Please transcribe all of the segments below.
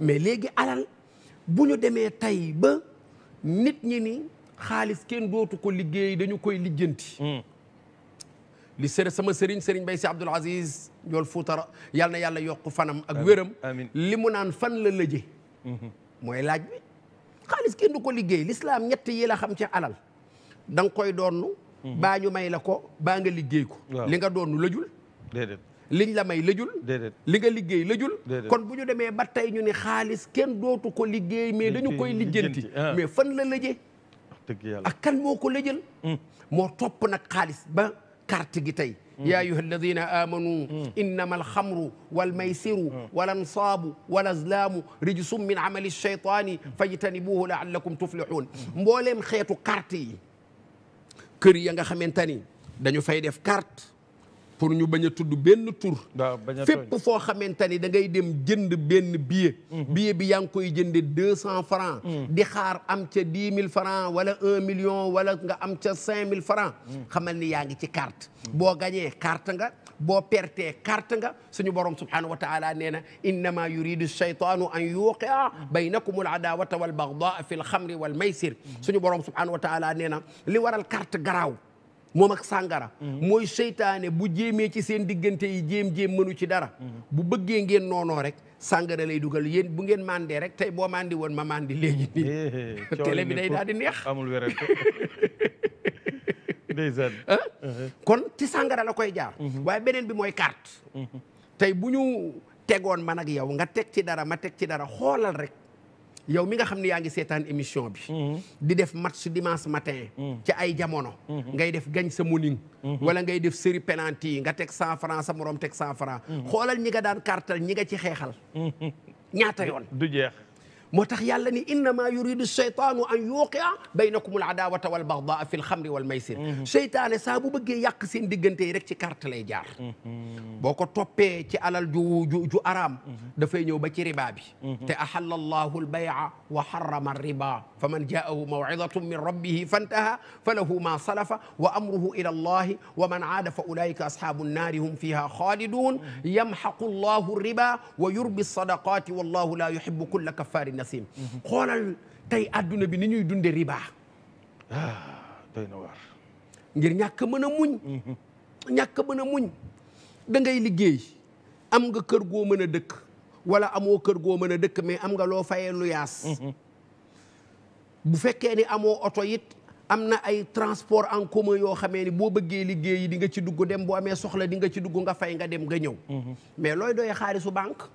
mais léegi alal bu ñu demee tey ba nit ñi ni xaalis kenn dootu ko liggéey dañu koy lijjanti. Hmm. li sër sama sëriñ sëriñ Bay Si Abdul Aziz Njool Fuuta yal na yàlla yokk fanam ak wéram li mu naan fan la lëje hmm. mooy laaj bi xaalis kenn du ko liggéey lislaam ñett yi la xam ci alal dang nga koy doonnu hmm. baa ñu may la ko baa nga liggéey ko li nga doonnu lëjul liñ la may lëjul li nga liggey lëjul kon buñu démé demee ba tey ñu ni xaaliss kenn dootu ko liggey mais dañu koy lijeenti mais fan la lëjee ak kan moko ko mo top nak xaaliss ba carte gi tay يا أيها الذين آمنوا إنما الخمر والميسر والأنصاب والأزلام رجس من عمل الشيطان فاجتنبوه لعلكم تفلحون مولم xeetu كارتي كريانغا kër دانيو فايدف كارت pour ñu bañ a tudd benn tur fépp fo xamanteni da ngay dem jënd ben billet billet bi yang koy jënd 200 francs di xaar am ci 10000 francs wala 1 million wala nga am ci 5000 francs xamal ni yaangi ci carte bo gagné carte nga bo perté carte nga suñu borom subhanahu wa taala nee na innama yuridu shaytanu an yuqia bainakum al adawata wal bagdaa fi al xamri wal maisir suñu borom subhanahu wa taala nee li waral carte graw moom ak sàngara mhm. mooy seytaane bu jéemee ci seen diggante yi jéem-jéem mënu ci dara mhm. bu bëggee ngeen noonoo rek sàngara lay dugal yéen bu ngeen mandee rek tey boo mandi woon ma mandi léegi nii eh, eh, télé bi day daal di neex amul wérante ah? uh-huh. kon ci sàngara la koy jaar mhm. waaye beneen bi mooy carte tey bu ñu tegoon ma nag yow nga teg ci dara ma teg ci dara xoolal rek yow mi nga xam ne yaa ngi seetaan émission bi. Mhm. di def match dimanche matin. Mhm. ci ay jamono. Mhm. ngay def gañ sa muning. wala ngay def série penalty yi nga teg cent franc sa morom teg cent franc. xoolal ñi nga daan kartal ñi nga ci xeexal. ñaata yoon موتخ يالني إنما يريد الشيطان أن يوقع بينكم العداوة والبغضاء في الخمر والميسر شيطان سابو بقى يقسين ديغنتي ريك تي كارت لي جار بوكو توبي تي على جو جو جو أرام دفاي نيو باتي ربابي تي أحل الله البيع وحرم الربا فمن جاءه موعظة من ربه فانتهى فله ما سلف وأمره إلى الله ومن عاد فأولئك أصحاب النار هم فيها خالدون يمحق الله الربا ويربي الصدقات والله لا يحب كل كفار nasim mhm. xoolal tey adduna bi ni ñuy dunde riba ah, doy ngir ñàkk mën a muñ mhm. ñàkk a muñ da ngay liggéey am nga kër goo mën a dëkk walla amoo kër goo mën a dëkk mais am nga loo fayee lu yaas mhm. bu fekkee ni amoo oto it am na ay transport en commun yoo xamee ni boo bëggee liggéey yi di nga ci dugg dem boo amee soxla di nga ci dugg nga fay nga dem nga ñëw mais looy doyee xaalisu banque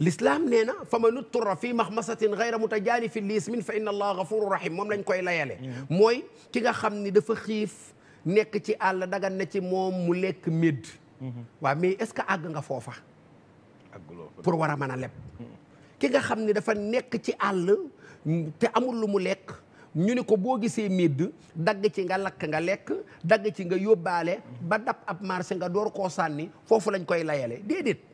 lislaam nee na fa man utturra fi mahmasatin gayra mutajaanifin li ismin fa inna allaha gafuru rahim moom lañ koy layale mm-hmm. mooy ki nga xam ni dafa xiif nekk ci àll dagan na ci moom mu lekk médd mm-hmm. waaw mais est-ce que àgg nga foofa pour war a mën a leb mm-hmm. ki nga xam ni dafa nekk ci àll te amul lu mu lekk ñu ni ko boo gisee médd dagg ci nga lakk nga lekk dagg ci nga yóbbaale ba dab ab marché nga door koo sànni foofu lañ koy layale déedéet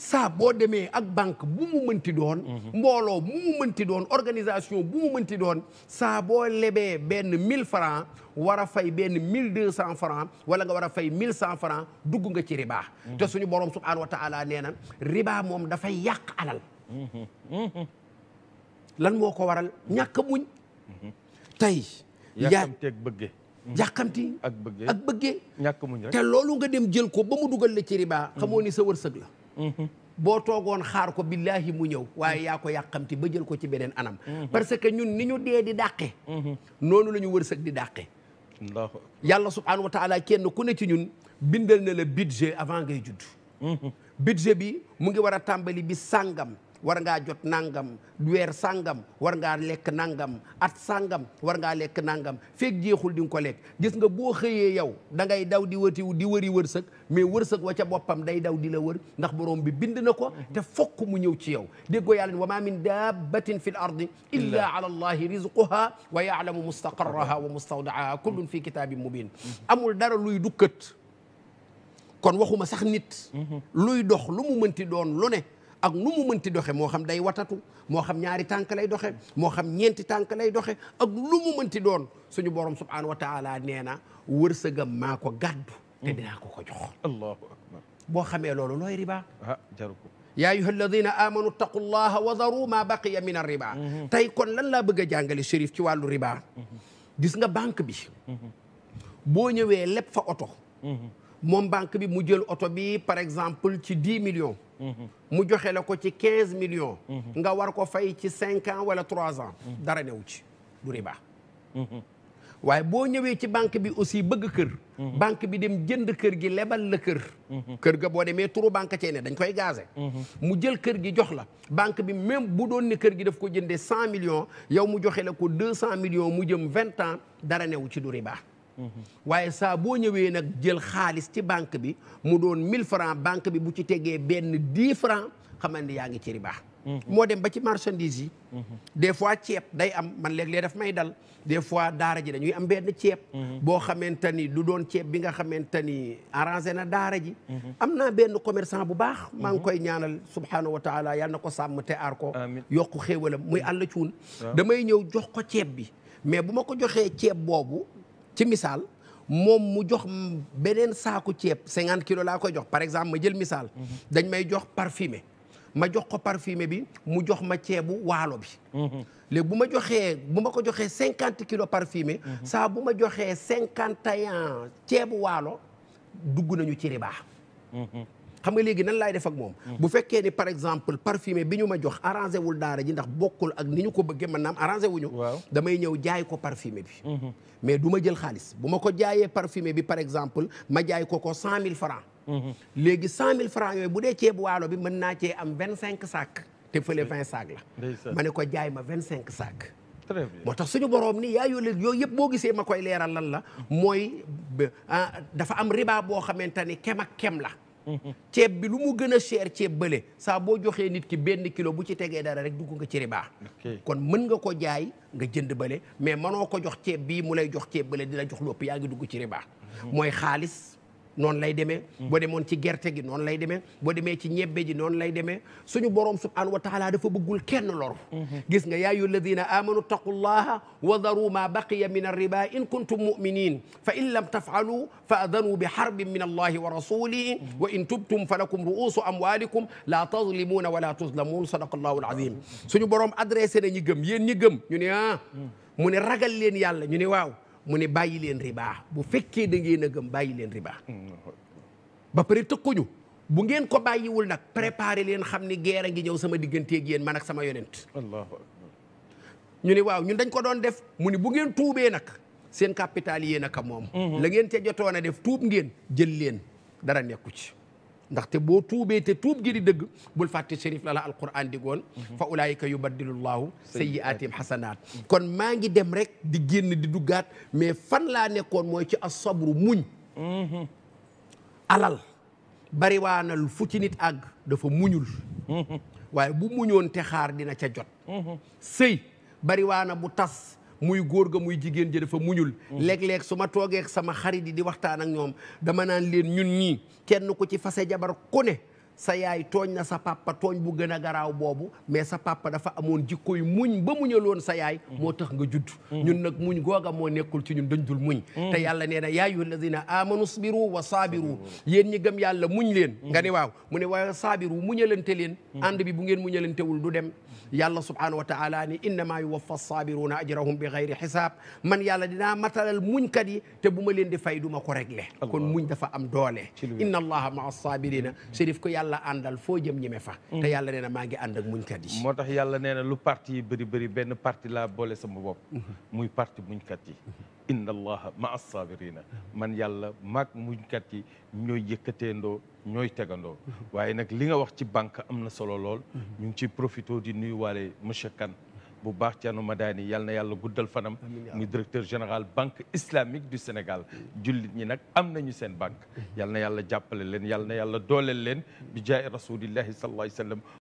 saa boo demee ak banque bu mu mënti doon mhm. mbooloo bu mu mënti doon organisation bu mu mënti doon saa boo lebee benn mille francs war a fay benn mille deux cent francs wala nga war a fay mille cent francs dugg nga ci riba mhm. te suñu borom subhaanahu wa taala nee na riba moom dafay yàq alal mhm. lan moo ko waral ñàkk a muñ tey yàkkamteeg bëgge ak bëgge ak bëgge ñàkk muñ te loolu nga dem jël ko ba mu dugal la ci riba xamoo ni sa wërsëg la boo toogoon xaar ko billahi mu ñëw waaye yaa ko yàqamti ba jël ko ci beneen anam parce que ñun ni ñu dee di dàqe noonu la ñu wërsëg di dàqe yàlla subhanahu wa taala kenn ku ne ci ñun bindal na la budget avant ngay judd mhm. budget bi mu ngi war a tàmbali bi sàngam war nga jot nangam wer sangam war nga lek nangam at sangam war nga lek nangam fek jeexul di ko lek gis nga bo xeye yow da ngay daw di wëti di wëri weursak mais weursak wa ca bopam day daw di la weur ndax borom bi bind nako te fokk mu ñëw ci yow deggo yàlla wa maa min dabbatin fil ardi illa ala allah rizquha wa ya'lamu mustaqarraha wa mustawdaaha kullun fi kitabin mubin amul dara luy dukkat kon waxuma sax nit luy dox lu mu meunti doon lu ne ak nu mu mënti doxe mo xam day watatu mo xam ñaari tànk lay doxe mo xam ñenti tànk lay doxe ak lu mu mënti doon suñu borom subhanahu wa taala neena na wërsëgam maa gàddu te dina ko ko jox allahu akbar boo xamee loolu looy riba jaru ko يا أيها الذين آمنوا اتقوا الله وذروا ما بقي من الربا تاي كون لان لا بغا جانغالي شريف تي والو ربا ديسغا بانك بي بو نيوي bi فا اوتو موم بانك بي مو جيل اوتو بي jël oto bi par exemple mu joxe la ko ci quinze millions nga war ko fay ci cinq ans wala trois ans dara newu ci du riba waaye boo ñëwee ci banque bi aussi bëgg kër banque bi dem jënd kër gi lebal la kër kër ga boo demee turu banque cee ne dañ koy gazé mu jël kër gi jox la banque bi même bu doon ne kër gi daf ko jëndee cent millions yow mu joxe la ko deux cent millions mu jëm vingt ans dara newu ci du riba waaye saa boo ñëwee nag jël xaalis ci banque bi mu doon 1000 francs banque bi bu ci tegee benn 10 francs xamal ni yaa ngi ci riba mhm. moo dem ba ci marchandise yi mhm. des fois ceeb day am man léeg-léeg daf may dal des fois daara ji dañuy am benn ceeb mhm. boo xamante ni du doon ceeb bi nga xamante ni arrangé na daara ji am naa benn commerçant bu baax maa ngi koy ñaanal subhaanahu wa taala na ko sàmm te aar ko yokku xéewalam muy àll cuun damay ñëw jox ko ceeb bi mais bu ma ko joxee ceeb ci misaal moom mu jox beneen saaku ceeb cinquante kilos laa koy jox par exemple ma jël misaal mhm. dañ may jox parfumé ma jox ko parfumé bi mu jox ma ceebu waalo bi mhm. léegi bu ma joxee bu ma ko joxee cinquante kilos parfumé mhm. saa bu ma joxee cinquante et ceebu waalo dugg nañu ci ribaa xam nga léegi nan laay def ak moom bu fekkee ni par exemple parfumé bi ñu ma jox arrangé wul daara ji ndax bokkul ak ni ñu ko bëggee mën naam arrangé wuñu damay ñëw jaay ko parfumé bi mais du ma jël xaalis bu ma ko jaayee parfumé bi par exemple ma jaay ko ko cent mille francs léegi cent mille francs yooyu bu dee ceebu waalo bi mën naa cee am vingt cinq sacs te fële vingt sacs la ma ne ko jaay ma vingt cinq sacs moo tax suñu borom ni yaa yoolee yooyu yëpp boo gisee ma koy leeral lan la mooy dafa am riba boo xamante ni kem ak kem la ceeb bi lu mu gën a cher ceeb bële saa boo joxee nit ki benn kilo bu ci tegee dara rek dugg nga ci riba kon mën nga ko jaay nga jënd bële mais mënoo ko jox ceeb bii mu lay jox ceeb bële di la jox lu ëpp yaa ngi dugg ci riba mhm. mooy xaalis non lay démé bo demoon ci gerte gi non lay démé bo démé ci ñebbe ji non lay démé suñu borom subhanahu wa taala dafa bëggul kenn lor gis nga ya ayu alladina amanu taqullaha wa dharu ma baqiya min ar-riba in kuntum muminin fa in lam taf'alu fa adanu bi harbin min allahi wa rasulihi wa in tubtum falakum ruusu amwalikum la tazlimuna la tuzlamun sadaqa allahu al-azim suñu borom adressé na ñi gëm yéen ñi gëm ñu ne ah mu ne ragal leen yàlla ñu ne waaw mu ne bàyyi leen riba bu fekkee da ngeen a gëm bàyyi leen riba ba pare tëkkuñu bu ngeen ko bàyyiwul nag préparé leen xam ni guerre a ngi ñëw sama digganteeg yéen man ak sama yonent ñu ne waaw ñun dañ ko doon def mu ni bu ngeen tuubee nag seen capital yéen a moom mhm. la ngeen te jotoon a def tuub ngeen jël leen dara nekku ci ndaxte boo tuubee te tuub gi di dëgg bul fàtte shérif la la alquran digoon fa ulaayika yubaddilu llahu sayyiaatihim xasanaat kon maa ngi dem rek di génn di duggaat mais fan laa nekkoon mooy ci asabru muñ mhm. alal bariwaanal fu ci nit àgg dafa muñul mhm. waaye bu muñoon te xaar dina ca jot mhm. sëy bariwaana bu tas muy góor ga muy jigéen ji fa muñul léeg-léeg su ma toogeek sama xarit yi di waxtaan ak ñoom dama naan leen ñun ñii kenn ku ci fase jabar ku ne sa yaay tooñ na sa papa tooñ bu gën a garaaw boobu mais sa papa dafa amoon jikkoy muñ ba muñaloon sa yaay mm. moo tax nga judd mm. ñun nag muñ googa moo nekkul ci ñun dañ dul muñ mm. te yàlla nee na yaa ayyuha alladina amanu sbiru wa saabiru yéen ñi gëm yàlla muñ leen nga ne waaw mu ne waaye saabiru muñalante leen ànd bi bu ngeen muñalantewul du dem yàlla subhanahu wa taala ni innama yuwaffa saabiruna ajrahum bi gayri xisaab man yàlla dinaa matalal muñkat yi te bu ma leen di fay du ko réglé kon muñ dafa am doole inna allaha yàlla àndal foo jëm ñeme fa mm. yàlla nee na maa ngi ànd ak muñkat yi moo tax yàlla nee na lu parti yi bëri benn parti laa boole sama bopp mm-hmm. muy parti muñkat yi mm-hmm. inna allaha ma assabirina man yàlla maag muñkat yi ñooy yëkkateendoo ñooy tegandoo mm-hmm. waaye nag li nga wax ci banque am na solo lool ñu ngi ciy profité di nuyuwaale monsieur Kane bu baax Thierno Madani yal na yàlla guddal fanam muy directeur général banque islamique du Sénégal jullit ñi nag am nañu seen banque yal na yàlla jàppale leen yal na yàlla dooleel leen bi jaay rasulillahi sallallahu alayhi wa sallam